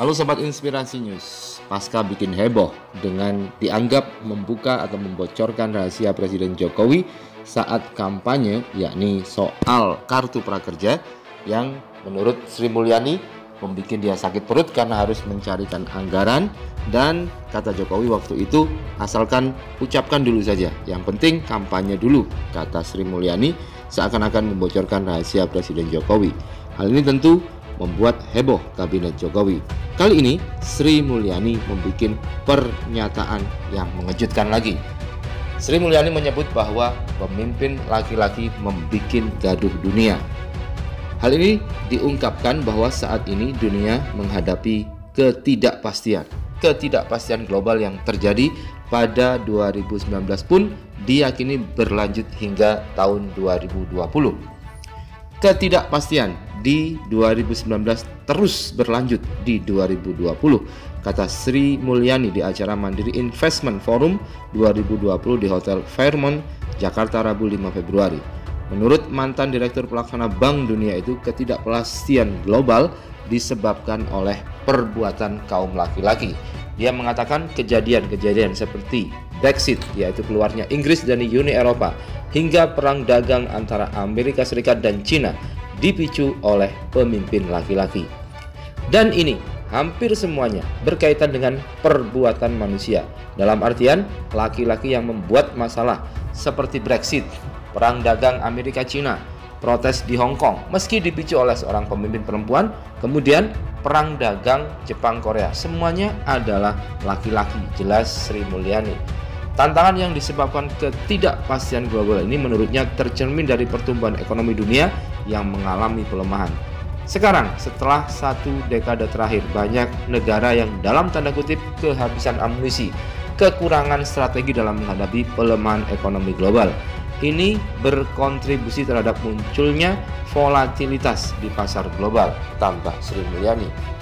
Halo Sobat Inspirasi News, pasca bikin heboh dengan dianggap membuka atau membocorkan rahasia Presiden Jokowi saat kampanye yakni soal kartu prakerja yang menurut Sri Mulyani membuat dia sakit perut karena harus mencarikan anggaran dan kata Jokowi waktu itu asalkan ucapkan dulu saja yang penting kampanye dulu kata Sri Mulyani seakan-akan membocorkan rahasia Presiden Jokowi hal ini tentu membuat heboh kabinet Jokowi. Kali ini Sri Mulyani membuat pernyataan yang mengejutkan lagi. Sri Mulyani menyebut bahwa pemimpin laki-laki membuat gaduh dunia. Hal ini diungkapkan bahwa saat ini dunia menghadapi ketidakpastian. Ketidakpastian global yang terjadi pada 2019 pun diyakini berlanjut hingga tahun 2020. Ketidakpastian di 2019 terus berlanjut di 2020, kata Sri Mulyani di acara Mandiri Investment Forum 2020 di Hotel Fairmont, Jakarta Rabu 5 Februari. Menurut mantan Direktur Pelaksana Bank Dunia itu, ketidakpastian global disebabkan oleh perbuatan kaum laki-laki. Dia mengatakan kejadian-kejadian seperti Brexit, yaitu keluarnya Inggris dari Uni Eropa, hingga perang dagang antara Amerika Serikat dan Cina dipicu oleh pemimpin laki-laki. Dan ini hampir semuanya berkaitan dengan perbuatan manusia. Dalam artian laki-laki yang membuat masalah seperti Brexit, perang dagang Amerika Cina, protes di Hong Kong meski dipicu oleh seorang pemimpin perempuan, kemudian perang dagang Jepang Korea. Semuanya adalah laki-laki, jelas Sri Mulyani. Tantangan yang disebabkan ketidakpastian global ini menurutnya tercermin dari pertumbuhan ekonomi dunia yang mengalami pelemahan. Sekarang, setelah satu dekade terakhir, banyak negara yang dalam tanda kutip kehabisan amunisi, kekurangan strategi dalam menghadapi pelemahan ekonomi global. Ini berkontribusi terhadap munculnya volatilitas di pasar global, tambah Sri Mulyani.